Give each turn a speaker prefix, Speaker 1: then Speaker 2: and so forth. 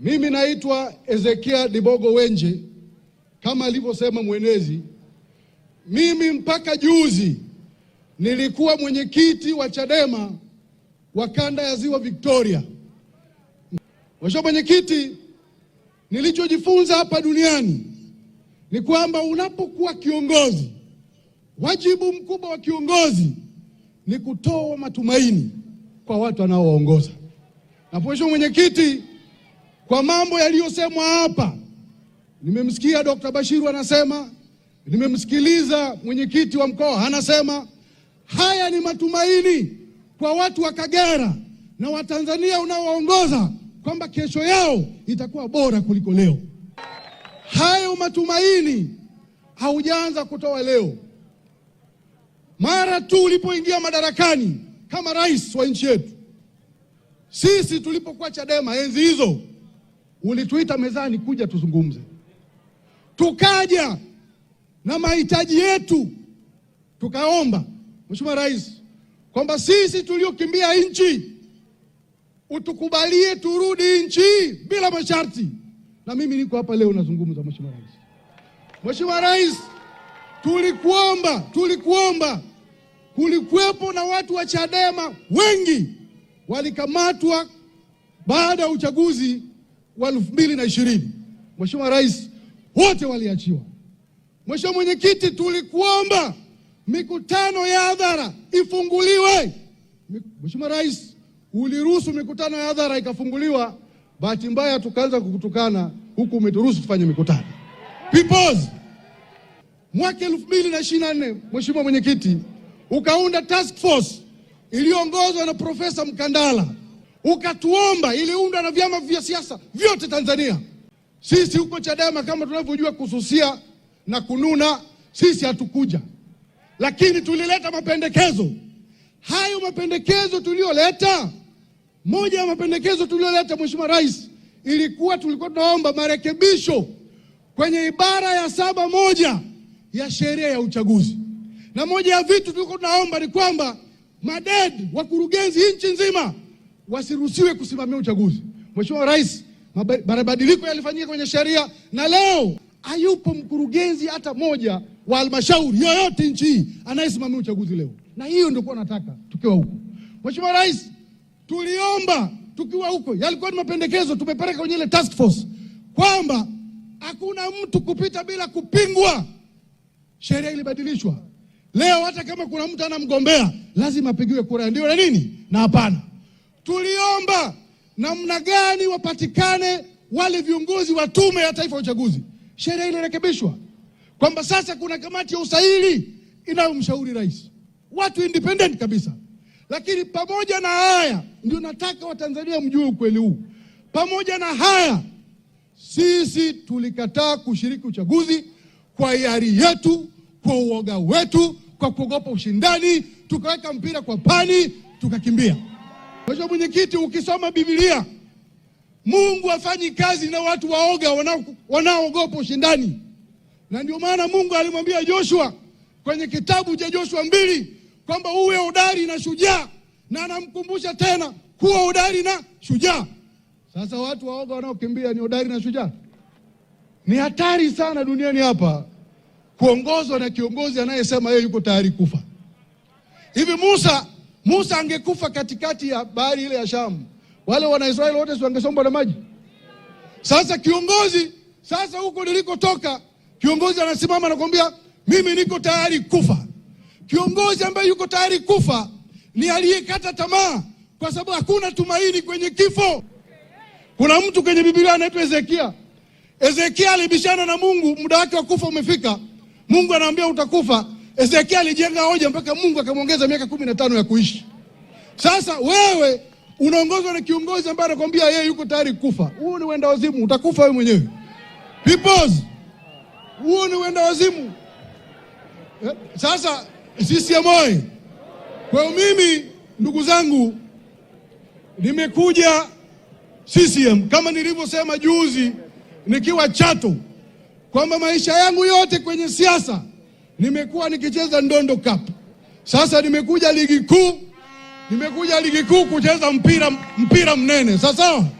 Speaker 1: Mimi naitwa Ezekia Dibogo Wenje, kama alivyosema mwenezi. Mimi mpaka juzi nilikuwa mwenyekiti wa Chadema wa kanda ya Ziwa Victoria. Mheshimiwa Mwenyekiti, nilichojifunza hapa duniani ni kwamba unapokuwa kiongozi, wajibu mkubwa wa kiongozi ni kutoa matumaini kwa watu anaowaongoza. Na Mheshimiwa Mwenyekiti, kwa mambo yaliyosemwa hapa. Nimemsikia Dkt. Bashiru anasema, nimemsikiliza mwenyekiti wa mkoa anasema. Haya ni matumaini kwa watu wa Kagera na Watanzania unaoongoza kwamba kesho yao itakuwa bora kuliko leo. Hayo matumaini haujaanza kutoa leo. Mara tu ulipoingia madarakani kama rais wa nchi yetu, sisi tulipokuwa Chadema enzi hizo Ulituita mezani kuja tuzungumze, tukaja na mahitaji yetu, tukaomba Mheshimiwa Rais kwamba sisi tuliokimbia nchi utukubalie turudi nchi bila masharti, na mimi niko hapa leo nazungumza. Mheshimiwa Rais, Mheshimiwa Rais, tulikuomba tulikuomba. Kulikuwepo na watu wa Chadema wengi walikamatwa baada ya uchaguzi wa elfu mbili na ishirini Mheshimiwa Rais, wote waliachiwa. Mheshimiwa Mwenyekiti, tulikuomba mikutano ya hadhara ifunguliwe. Mheshimiwa Rais, uliruhusu mikutano ya hadhara ikafunguliwa, bahati mbaya tukaanza kukutukana huku umeturuhusu tufanye mikutano. Peoples, mwaka elfu mbili na ishirini na nne Mheshimiwa Mwenyekiti, ukaunda task force iliyoongozwa na Profesa Mkandala ukatuomba, iliundwa na vyama vya siasa vyote Tanzania. Sisi huko Chadema kama tunavyojua kususia na kununa, sisi hatukuja, lakini tulileta mapendekezo. Hayo mapendekezo tuliyoleta, moja ya mapendekezo tuliyoleta, Mheshimiwa Rais, ilikuwa tulikuwa tunaomba marekebisho kwenye ibara ya saba moja ya sheria ya uchaguzi, na moja ya vitu tulikuwa tunaomba ni kwamba maded wakurugenzi nchi nzima wasiruhusiwe kusimamia uchaguzi. Mheshimiwa Rais, mabadiliko yalifanyika kwenye sheria na leo hayupo mkurugenzi hata moja wa halmashauri yoyote nchi hii anayesimamia uchaguzi leo, na hiyo ndio kwa nataka tukiwa huko. Mheshimiwa Rais, tuliomba tukiwa huko, yalikuwa ni mapendekezo tumepeleka kwenye ile task force kwamba hakuna mtu kupita bila kupingwa. Sheria ilibadilishwa leo, hata kama kuna mtu anamgombea lazima apigiwe kura, ndio na nini na hapana tuliomba namna gani wapatikane wale viongozi wa Tume ya Taifa ya Uchaguzi. Sheria ilirekebishwa kwamba sasa kuna kamati ya usaili inayomshauri rais, watu independent kabisa. Lakini pamoja na haya, ndio nataka Watanzania mjue ukweli huu. Pamoja na haya, sisi tulikataa kushiriki uchaguzi kwa hiari yetu, kwa uoga wetu, kwa kuogopa ushindani, tukaweka mpira kwa pani, tukakimbia. Mheshimiwa Mwenyekiti, ukisoma Biblia Mungu hafanyi kazi na watu waoga wanaoogopa ushindani, na ndio maana Mungu alimwambia Joshua kwenye kitabu cha Joshua mbili kwamba uwe hodari na shujaa, na anamkumbusha tena kuwa hodari na shujaa. Sasa watu waoga wanaokimbia ni hodari na shujaa? Ni hatari sana duniani hapa kuongozwa na kiongozi anayesema yeye yuko tayari kufa. Hivi Musa Musa angekufa katikati ya bahari ile ya Shamu, wale Wanaisraeli wote wangesombwa na maji. Sasa kiongozi sasa, huko nilikotoka, kiongozi anasimama anakwambia, mimi niko tayari kufa. Kiongozi ambaye yuko tayari kufa ni aliyekata tamaa, kwa sababu hakuna tumaini kwenye kifo. Kuna mtu kwenye Biblia anaitwa Ezekia. Ezekia alibishana na Mungu, muda wake wa kufa umefika. Mungu anaambia utakufa Hezekia alijenga hoja mpaka Mungu akamwongeza miaka kumi na tano ya kuishi. Sasa wewe unaongozwa na kiongozi ambaye anakwambia yeye yuko tayari kufa. Huo ni wenda wazimu, utakufa wewe mwenyewe. Peoples, huo ni wenda wazimu. Eh, sasa sisi amoye. Kwa hiyo mimi ndugu zangu, nimekuja CCM kama nilivyosema juzi nikiwa Chato kwamba maisha yangu yote kwenye siasa nimekuwa nikicheza Ndondo Cup, sasa nimekuja ligi kuu, nimekuja ligi kuu kucheza mpira, mpira mnene sasa